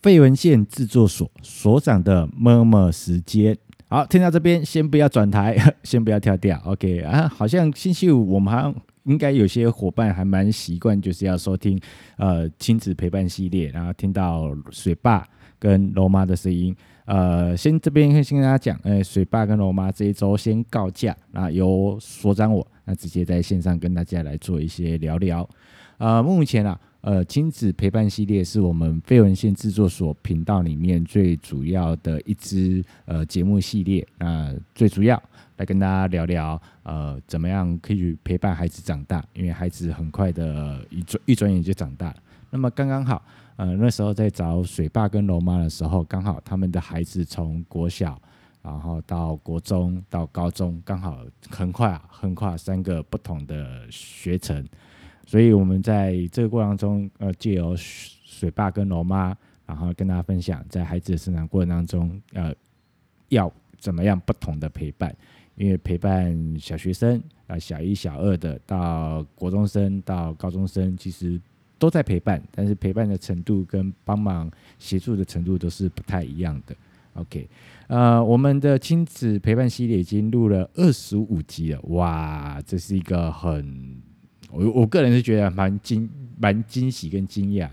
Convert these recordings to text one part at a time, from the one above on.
費文獻製作所所長的 murmur 時間，好，聽到這邊，先不要轉台，先不要跳掉。OK 啊，好像星期五我們好像應該有些夥伴還蠻習慣，就是要收聽呃親子陪伴系列，然後聽到水爸跟羅媽的聲音。呃，先這邊先跟大家講，哎、欸，水爸跟羅媽這一周先告假，那由所長我那直接在線上跟大家來做一些聊聊。呃，目前啊。呃，親子陪伴系列是我們非文獻製作所頻道裡面最主要的一支呃節目系列。那最主要來跟大家聊聊，呃，怎麼樣可以陪伴孩子長大？因為孩子很快的一轉一轉眼就長大了。那麼剛剛好，呃，那時候在找水爸跟龍媽的時候，剛好他們的孩子從國小，然後到國中，到高中，剛好橫跨橫跨三個不同的學程。所以，我們在這個過程中，呃，借由水爸跟龍媽，然後跟大家分享，在孩子的生長過程當中，呃，要怎麼樣不同的陪伴。因為陪伴小學生啊、呃，小一、小二的到國中生到高中生，其實都在陪伴，但是陪伴的程度跟幫忙協助的程度都是不太一樣的。OK，呃，我們的親子陪伴系列已經錄了二十五集了，哇，這是一個很。我我個人是覺得蠻驚、蠻驚喜跟驚訝的。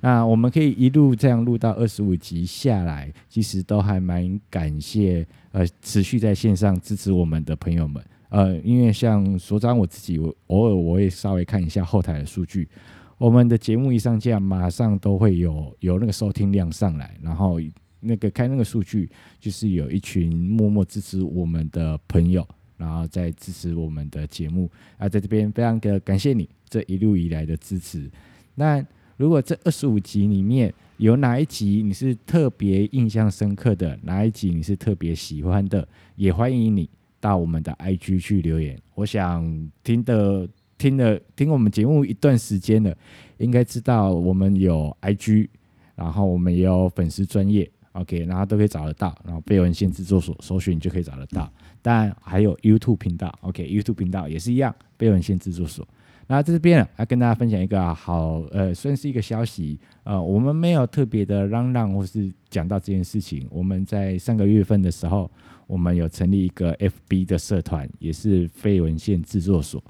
那我們可以一路這樣錄到二十五集下來，其實都還蠻感謝呃持續在線上支持我們的朋友們。呃，因為像所長我自己，我偶爾我會稍微看一下後台的數據，我們的節目一上架，馬上都會有有那個收聽量上來，然後那個看那個數據，就是有一群默默支持我們的朋友。然後再支持我們的節目啊，在這邊非常的感謝你這一路以來的支持。那如果這二十五集裡面有哪一集你是特別印象深刻的，哪一集你是特別喜歡的，也歡迎你到我們的 IG 去留言。我想聽的聽了聽我們節目一段時間了，應該知道我們有 IG，然後我們也有粉絲專業，OK，然後都可以找得到，然後備文獻製作所搜尋就可以找得到。嗯當然還有 YouTube okay, YouTube 頻道，OK，YouTube 頻道也是一樣，非文獻製作所。那這邊呢，要跟大家分享一個好，呃，算是一個消息，呃，我們沒有特別的嚷嚷或是講到這件事情。我們在上個月份的時候，我們有成立一個 FB 的社團，也是非文獻製作所。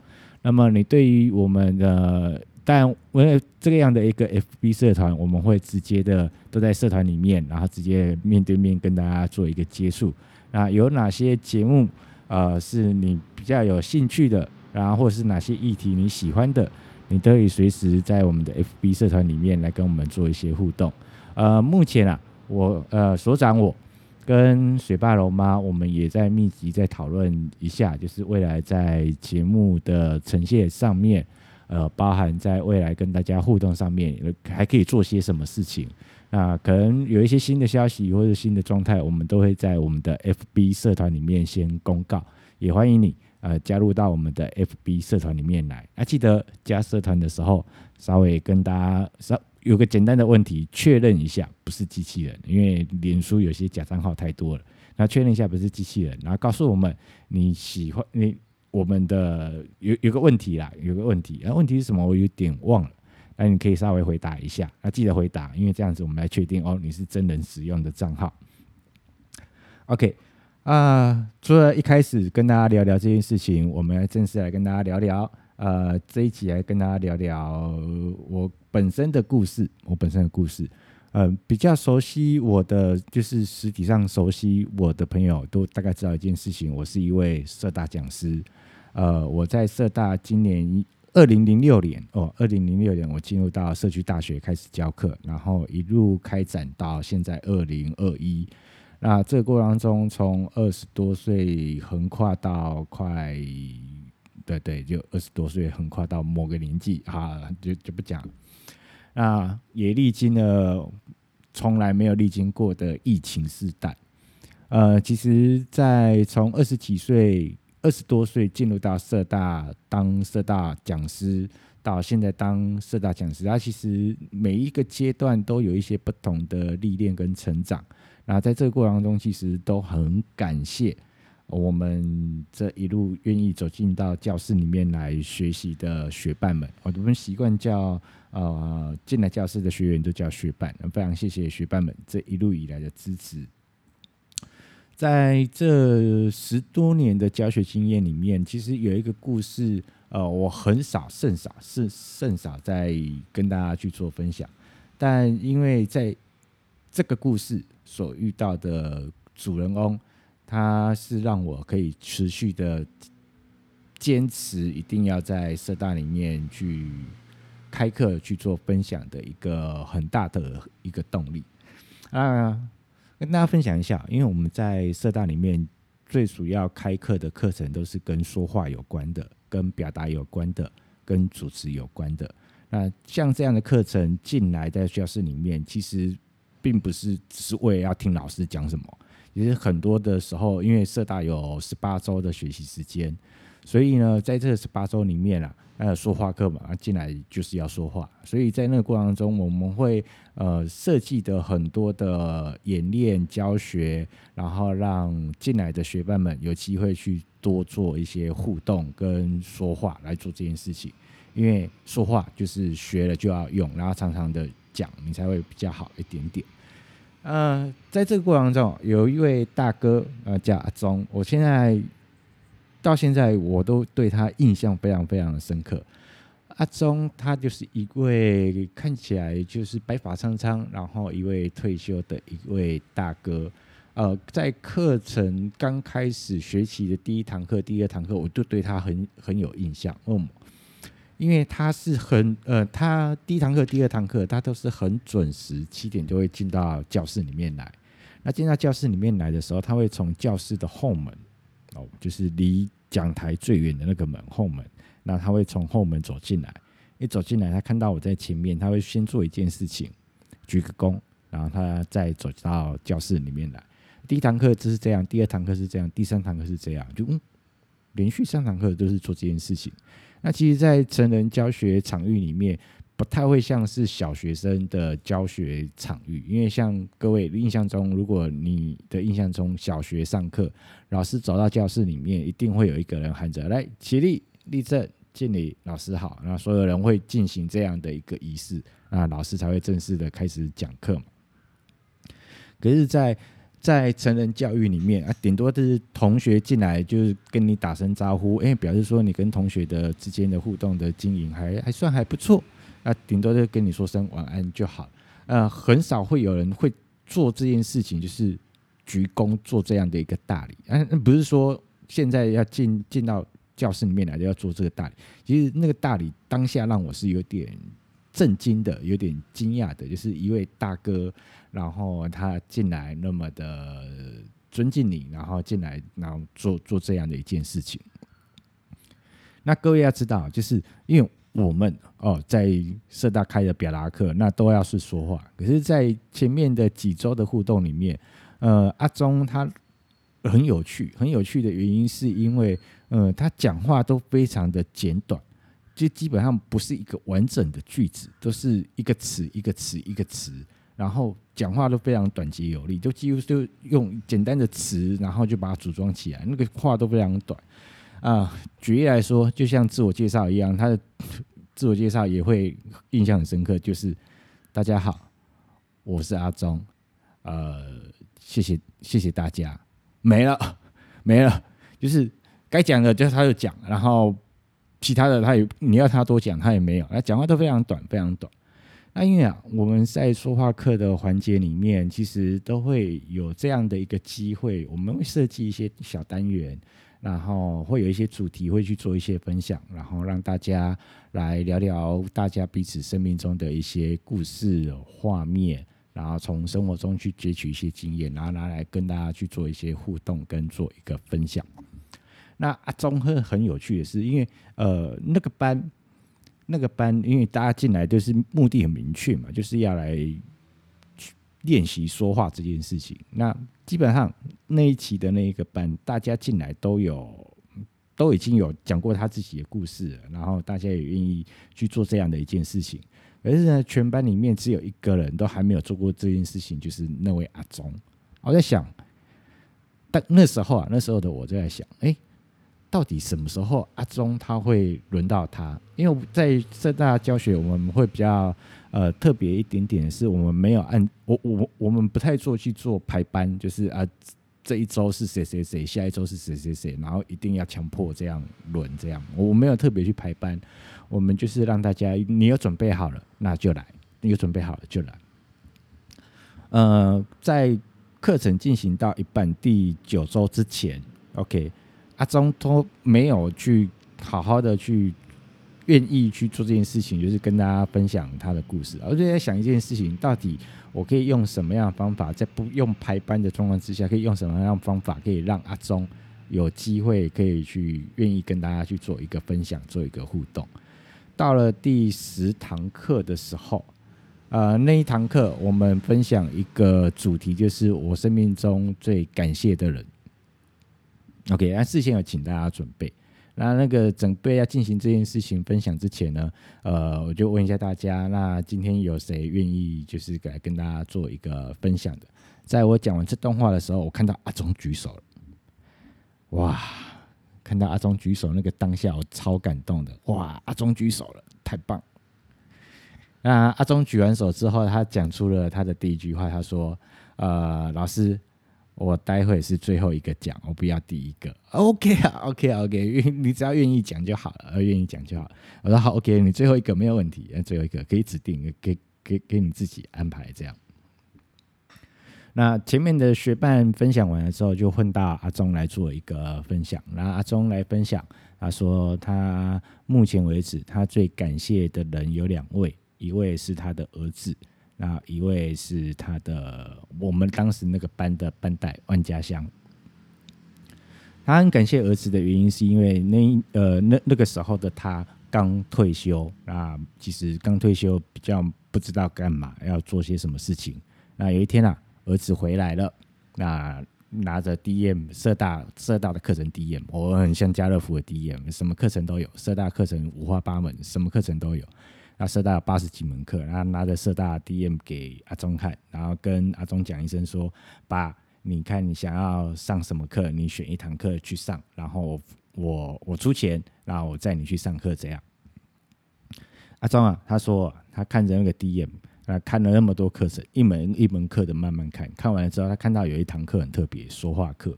那麼你對於我們的，但因為了這個樣的一個 FB 社團，我們會直接的都在社團裡面，然後直接面對面跟大家做一個接觸。啊，有哪些節目，呃，是你比較有興趣的，然後或者是哪些議題你喜歡的，你都可以隨時在我們的 FB 社團裡面來跟我們做一些互動。呃，目前啊，我呃所長我跟水壩龍媽，我們也在密集在討論一下，就是未來在節目的呈現上面，呃，包含在未來跟大家互動上面，還可以做些什麼事情。那可能有一些新的消息或者新的狀態，我們都會在我們的 FB 社團裡面先公告，也歡迎你呃加入到我們的 FB 社團裡面來。啊，那記得加社團的時候，稍微跟大家稍有個簡單的問題確認一下，不是機器人，因為臉書有些假賬號太多了。那確認一下不是機器人，然後告訴我們你喜歡你我們的有有個問題啦，有個問題啊，問題是什麼？我有點忘了。那你可以稍微回答一下，那記得回答，因為這樣子我們來確定哦，你是真人使用的賬號。OK，啊、呃，除了一開始跟大家聊聊這件事情，我們來正式來跟大家聊聊。呃，這一集來跟大家聊聊我本身的故事，我本身的故事。嗯、呃，比較熟悉我的，就是實體上熟悉我的朋友，都大概知道一件事情，我是一位社大講師。呃，我在社大今年二零零六年哦，二零零六年我進入到社區大學開始教課，然後一路開展到現在二零二一。那這個過程中，從二十多歲橫跨到快，對對對，就二十多歲橫跨到某個年紀啊，就就不講。那也歷經了從來沒有歷經過的疫情時代。呃，其實，在從二十幾歲。二十多歲進入到社大當社大講師，到現在當社大講師，他其實每一個階段都有一些不同的歷練跟成長。那在這個過程當中，其實都很感謝我們這一路願意走進到教室裡面來學習的學伴們。我們習慣叫呃進來教室的學員都叫學伴，非常謝謝學伴們這一路以來的支持。在這十多年的教學經驗裡面，其實有一個故事，呃，我很少、甚少、是甚少在跟大家去做分享。但因為在這個故事所遇到的主人翁，他是讓我可以持續的堅持，一定要在社大裡面去開課去做分享的一個很大的一個動力啊。跟大家分享一下，因為我們在社大裡面最主要開課的課程都是跟說話有關的、跟表達有關的、跟主持有關的。那像這樣的課程進來在教室裡面，其實並不是只是為了要聽老師講什麼，其實很多的時候，因為社大有十八週的學習時間。所以呢，在這十八周裡面啦、啊，呃，說話課嘛，進來就是要說話。所以在那個過程中，我們會呃設計的很多的演練教學，然後讓進來的學伴們有機會去多做一些互動跟說話來做這件事情。因為說話就是學了就要用，然後常常的講，你才會比較好一點點。呃，在這個過程中，有一位大哥呃叫阿忠，我現在。到現在我都對他印象非常非常的深刻。阿忠他就是一位看起來就是白髮蒼蒼，然後一位退休的一位大哥。呃，在課程剛開始學習的第一堂課、第二堂課，我就對他很很有印象。嗯，因為他是很呃，他第一堂課、第二堂課他都是很準時，七點就會進到教室裡面來。那進到教室裡面來的時候，他會從教室的後門。哦，就是離講台最遠的那個門後門，那他會從後門走進來，一走進來他看到我在前面，他會先做一件事情，鞠個躬，然後他再走到教室裡面來。第一堂課就是這樣，第二堂課是這樣，第三堂課是這樣，就、嗯、連續三堂課都是做這件事情。那其實，在成人教學場域裡面，不太會像是小學生的教學場域，因為像各位印象中，如果你的印象中小學上課，老師走到教室裡面，一定會有一個人喊着“來，起立，立正，敬禮，老師好”，那所有人會進行這樣的一個儀式，那老師才會正式的開始講課嘛。可是在，在在成人教育裡面啊，頂多就是同學進來就是跟你打聲招呼，誒、欸，表示說你跟同學的之間的互動的經營還還算還不錯。那，啊，頂多就跟你說聲晚安就好。呃，很少會有人會做這件事情，就是鞠躬做這樣的一個大禮。嗯、啊，不是說現在要進進到教室裡面來就要做這個大禮。其實那個大禮當下讓我是有點震驚的，有點驚訝的，就是一位大哥，然後他進來那麼的尊敬你，然後進來然後做做這樣的一件事情。那各位要知道，就是因為。我們哦，在社大開的表達課，那都要是說話。可是，在前面的幾週的互動裡面，呃，阿忠他很有趣，很有趣的原因是因為，呃，他講話都非常的簡短，就基本上不是一個完整的句子，都是一個詞一個詞一個詞，然後講話都非常短捷有力，就幾乎就用簡單的詞，然後就把它組裝起來，那個話都非常短。啊，uh, 舉例來說，就像自我介紹一樣，他的自我介紹也會印象很深刻。就是大家好，我是阿忠，呃，謝謝謝謝大家。沒了沒了，就是該講的就是他就講，然後其他的他也你要他多講他也沒有，他講話都非常短，非常短。那因為啊，我們在說話課的環節裡面，其實都會有這樣的一個機會，我們會設計一些小單元。然後會有一些主題會去做一些分享，然後讓大家來聊聊大家彼此生命中的一些故事畫面，然後從生活中去汲取一些經驗，然後拿來跟大家去做一些互動跟做一個分享。那啊，綜合有趣的是，因為呃那個班那個班，因為大家進來就是目的很明確嘛，就是要來。練習說話這件事情，那基本上那一期的那一個班，大家進來都有都已經有講過他自己的故事了，然後大家也願意去做這樣的一件事情，可是呢，全班裡面只有一個人都還沒有做過這件事情，就是那位阿忠。我在想，但那時候啊，那時候的我就在想，誒，到底什麼時候阿忠他會輪到他？因為在在大教學我們會比較。呃，特別一點點是我們沒有按我我我們不太做去做排班，就是啊這一周是誰誰誰，下一周是誰誰誰，然後一定要強迫這樣輪這樣，我沒有特別去排班，我們就是讓大家你有準備好了那就來，你有準備好了就來。呃，在課程進行到一半第九周之前，OK，阿中都沒有去好好的去。願意去做這件事情，就是跟大家分享他的故事。我就在想一件事情，到底我可以用什麼樣的方法，在不用排班的狀況之下，可以用什麼樣的方法可以讓阿忠有機會可以去願意跟大家去做一個分享，做一個互動。到了第十堂課的時候，呃，那一堂課我們分享一個主題，就是我生命中最感謝的人。OK，那事先要請大家準備。那那個準備要進行這件事情分享之前呢，呃，我就問一下大家，那今天有誰願意就是來跟大家做一個分享的？在我講完這段話的時候，我看到阿中舉手了，哇，看到阿中舉手那個當下，我超感動的，哇，阿中舉手了，太棒！那阿中舉完手之後，他講出了他的第一句話，他說：“呃，老師。”我待會是最後一個講，我不要第一個。OK 啊 okay，OK，OK，okay，你只要願意講就好了，呃，願意講就好。我說好，OK，你最後一個沒有問題，最後一個可以指定，給給給你自己安排這樣。嗯，那前面的學伴分享完了之後，就混到阿忠來做一個分享。然後阿忠來分享，他說他目前為止他最感謝的人有兩位，一位是他的兒子。那一位是他的，我們當時那個班的班代萬家鄉。他很感謝兒子的原因，是因為那呃那那個時候的他剛退休，那其實剛退休比較不知道幹嘛，要做些什麼事情。那有一天啊，兒子回來了，那拿着 DM 社大社大的課程 DM，我很像家樂福的 DM，什麼課程都有，社大課程五花八門，什麼課程都有。那社大有八十幾門課，然後拿着社大 DM 給阿忠看，然後跟阿忠講一聲說：“爸，你看，你想要上什麼課，你選一堂課去上，然後我我出錢，然後我載你去上課，這樣？”阿忠啊，他說他看着那個 DM，他看了那麼多課程，一門一門課的慢慢看，看完了之後，他看到有一堂課很特別，說話課，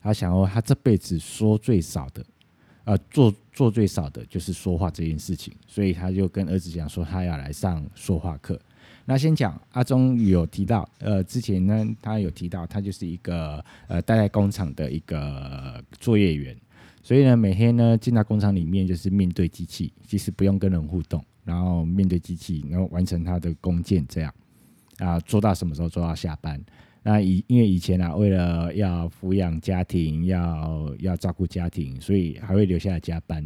他想說他這輩子說最少的。呃，做做最少的就是說話這件事情，所以他就跟兒子講說，他要來上說話課。那先講阿忠有提到，呃，之前呢，他有提到他就是一個呃，待在工廠的一個作業員，所以呢，每天呢進到工廠裡面就是面對機器，其實不用跟人互動，然後面對機器，然後完成他的工件這樣，啊、呃，做到什麼時候做到下班。那以因為以前啊，為了要撫養家庭，要要照顧家庭，所以還會留下來加班，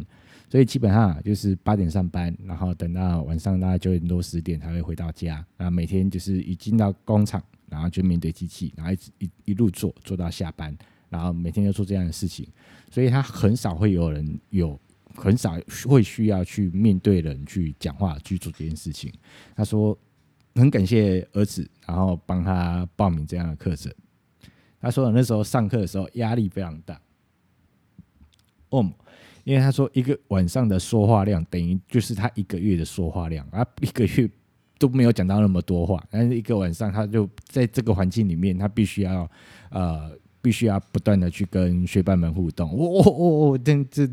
所以基本上啊就是八點上班，然後等到晚上大概九點多十點才會回到家。那每天就是一進到工廠，然後就面對機器，然後一一，一路做做到下班，然後每天要做這樣的事情，所以他很少會有人有很少會需要去面對人去講話去做這件事情。他說。很感謝兒子，然後幫他報名這樣的課程。他說的那時候上課的時候壓力非常大，哦，因為他說一個晚上的說話量等於就是他一個月的說話量啊，他一個月都沒有講到那麼多話，但是一個晚上他就在這個環境裡面，他必須要呃必須要不斷的去跟學伴們互動，哦哦哦哦，這這。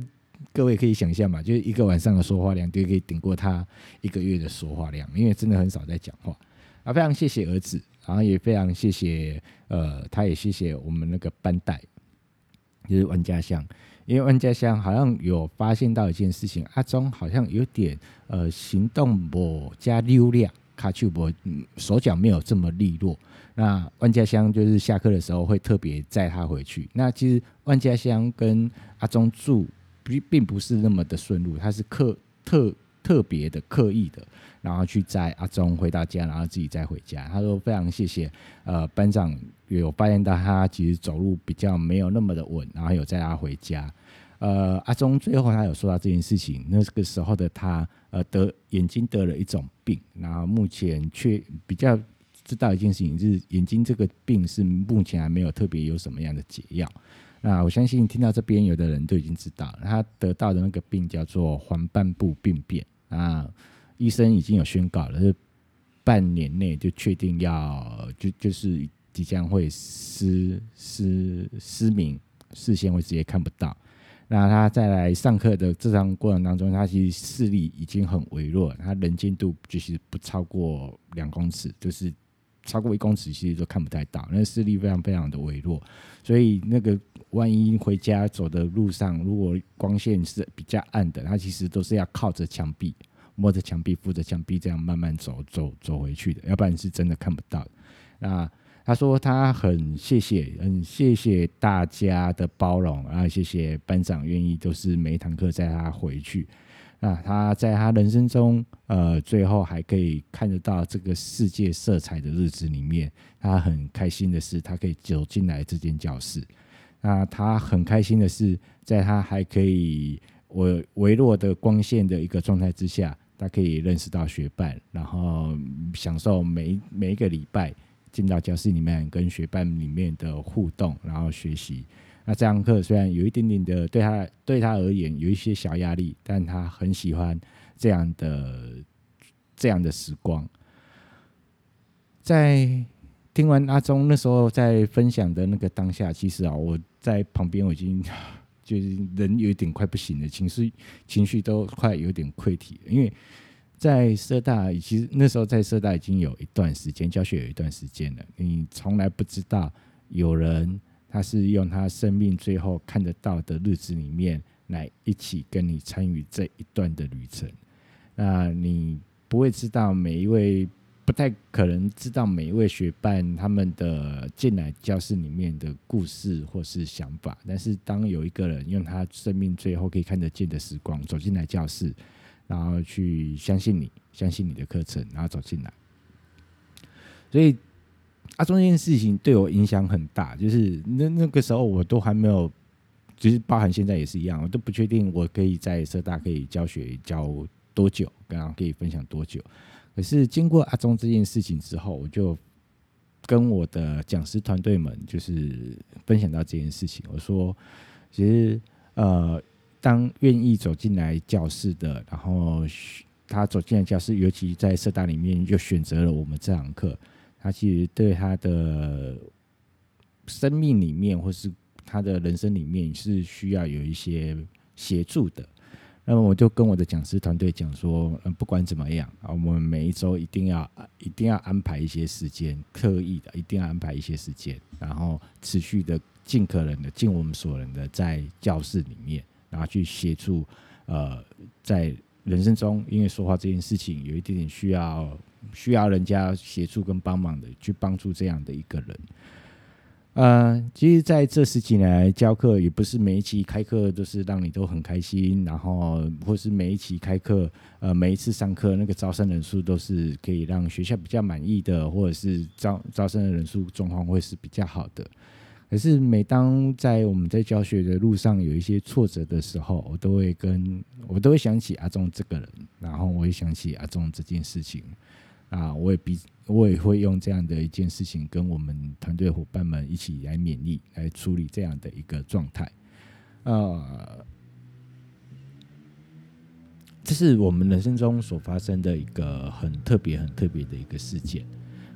各位可以想一下嘛，就是一個晚上的說話量就可以頂過他一個月的說話量，因為真的很少在講話啊。非常謝謝兒子，然後也非常謝謝呃，他也謝謝我們那個班代，就是萬家鄉，因為萬家鄉好像有發現到一件事情，阿忠好像有點呃行動不加流量，他去我手腳沒，沒有這麼利落。那萬家鄉就是下課的時候會特別載他回去。那其實萬家鄉跟阿忠住並不是那麼的順路，他是刻特特別的刻意的，然後去載阿忠回到家，然後自己再回家。他說非常謝謝，呃，班長也有發現到他其實走路比較沒有那麼的穩，然後有載他回家。呃，阿忠最後他有說到這件事情，那個時候的他呃得眼睛得了一種病，然後目前卻比較。知道一件事情，就是眼睛這個病是目前還沒有特別有什麼樣的解藥。那我相信聽到這邊，有的人都已經知道了，他得到的那個病叫做黃斑部病變。啊，醫生已經有宣告了，是半年內就確定要就就是即將會失失失明，視線會直接看不到。那他再來上課的這段過程當中，他其實視力已經很微弱，他能見度就是不超過兩公尺，就是。超過一公尺，其實都看不太到，那視力非常非常的微弱，所以那個萬一回家走的路上，如果光線是比較暗的，他其實都是要靠着牆壁、摸着牆壁、扶着牆壁、扶着牆壁這樣慢慢走、走、走回去的，要不然是真的看不到。那他說他很謝謝，很謝謝大家的包容啊，然後謝謝班長願意都是每一堂課帶他回去。那他在他人生中，呃，最後還可以看得到這個世界色彩的日子裡面，他很開心的是，他可以走進來這間教室。那他很開心的是，在他還可以我微弱的光線的一個狀態之下，他可以認識到學伴，然後享受每每一個禮拜進到教室裡面跟學伴裡面的互動，然後學習。那這堂課雖然有一點點的對他對他而言有一些小壓力，但他很喜歡這樣的這樣的時光。在聽完阿忠那時候在分享的那個當下，其實啊、哦，我在旁邊我已經就是人有點快不行了，情緒情緒都快有點潰體潰堤了。因為在社大，其實那時候在社大已經有一段時間，教學有一段時間了，你從來不知道有人。他是用他生命最後看得到的日子裡面來一起跟你參與這一段的旅程。那你不會知道每一位，不太可能知道每一位學伴他們的進來教室裡面的故事或是想法。但是，當有一個人用他生命最後可以看得見的時光走進來教室，然後去相信你，相信你的課程，然後走進來。所以。阿中這件事情對我影響很大，就是那那個時候我都還沒有，其實包含現在也是一樣，我都不確定我可以在社大可以教學教多久，跟可以分享多久。可是經過阿中這件事情之後，我就跟我的講師團隊們就是分享到這件事情，我說其實呃，當願意走進來教室的，然後他走進來教室，尤其在社大裡面就選擇了我們這堂課。他其實對他的生命裡面，或是他的人生裡面，是需要有一些協助的。那麼，我就跟我的講師團隊講說，嗯，不管怎麼樣啊，我們每一周一定要、一定要安排一些時間，刻意的，一定要安排一些時間，然後持續的，盡可能的，盡我們所能的，在教室裡面，然後去協助。呃，在人生中，因為說話這件事情，有一點點需要，需要人家協助跟幫忙的，去幫助這樣的一個人。呃，其實在這十幾年來教課，也不是每一期開課都是讓你都很開心，然後或是每一期開課，呃，每一次上課那個招生人數都是可以讓學校比較滿意的，或者是招招生的人數狀況會是比較好的。可是每當在我們在教學的路上有一些挫折的時候，我都會跟我都會想起阿忠這個人，然後我也想起阿忠這件事情。啊，我也必，我也會用這樣的一件事情，跟我們團隊夥伴們一起來勉勵，來處理這樣的一個狀態。呃，這是我們人生中所發生的一個很特別、很特別的一個事件。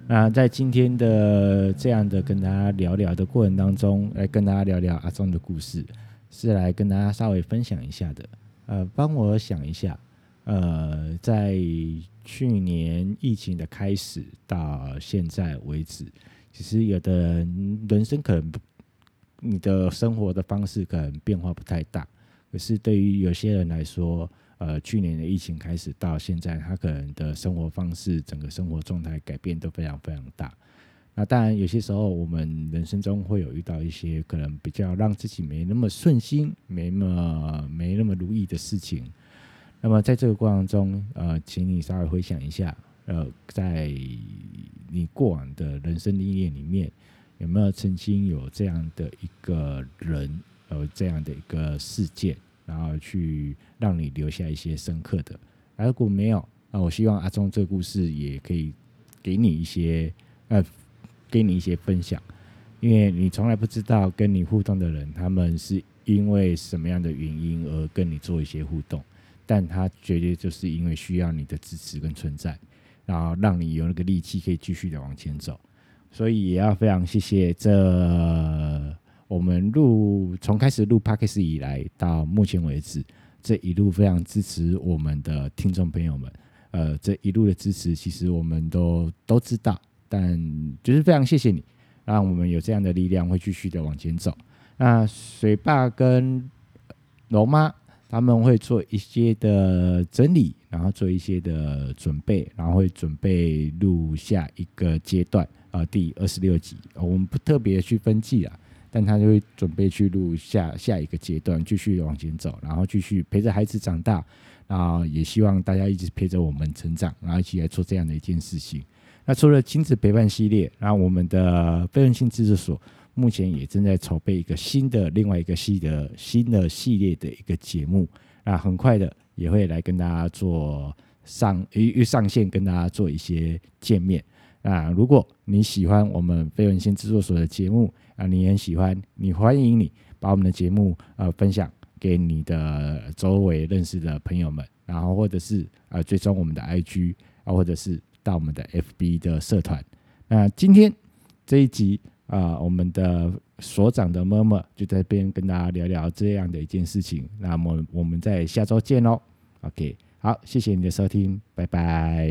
那在今天的這樣的跟大家聊聊的過程當中，來跟大家聊聊阿松的故事，是來跟大家稍微分享一下的。呃，幫我想一下。呃，在去年疫情的開始到現在為止，其實有的人，人生可能不，你的生活的方式可能變化不太大，可是對於有些人來說，呃，去年的疫情開始到現在，他可能的生活方式、整個生活狀態改變都非常非常大。那當然，有些時候我們人生中會有遇到一些可能比較讓自己沒那麼順心、沒那麼沒那麼如意的事情。那麼在這個過程中，呃，請你稍微回想一下，呃，在你過往的人生歷練裡面，有沒有曾經有這樣的一個人，呃，這樣的一個事件，然後去讓你留下一些深刻的。啊，如果沒有，那我希望阿忠這個故事也可以給你一些，呃，給你一些分享，因為你從來不知道跟你互動的人，他們是因為什麼樣的原因而跟你做一些互動。但他絕對就是因為需要你的支持跟存在，然後讓你有那個力氣可以繼續的往前走，所以也要非常謝謝這我們錄從開始錄 podcast 以來到目前為止這一路非常支持我們的聽眾朋友們，呃，這一路的支持其實我們都都知道，但就是非常謝謝你，讓我們有這樣的力量會繼續的往前走。那水爸跟龍媽，他們會做一些的整理，然後做一些的準備，然後會準備錄下一個階段，呃，第二十六集，我們不特別去分析了，但他就會準備去錄下下一個階段，繼續往前走，然後繼續陪着孩子長大，然後也希望大家一直陪着我們成長，然後一起來做這樣的一件事情。那除了親子陪伴系列，那我們的非人性知識所，目前也正在籌備一個新的另外一個系的新的系列的一個節目，那很快的也會來跟大家做上一上線，跟大家做一些見面。啊，如果你喜歡我們飛文新制作所的節目，啊，你也很喜歡，你歡迎你把我們的節目啊、呃、分享給你的周圍認識的朋友們，然後或者是啊、呃、追蹤我們的 I G 啊，或者是到我們的 F B 的社團。那今天這一集，啊、呃，我們的所長的 murmur 就在這邊跟大家聊聊這樣的一件事情。那麼我們在下周見嘍。OK，好，謝謝你的收聽，拜拜。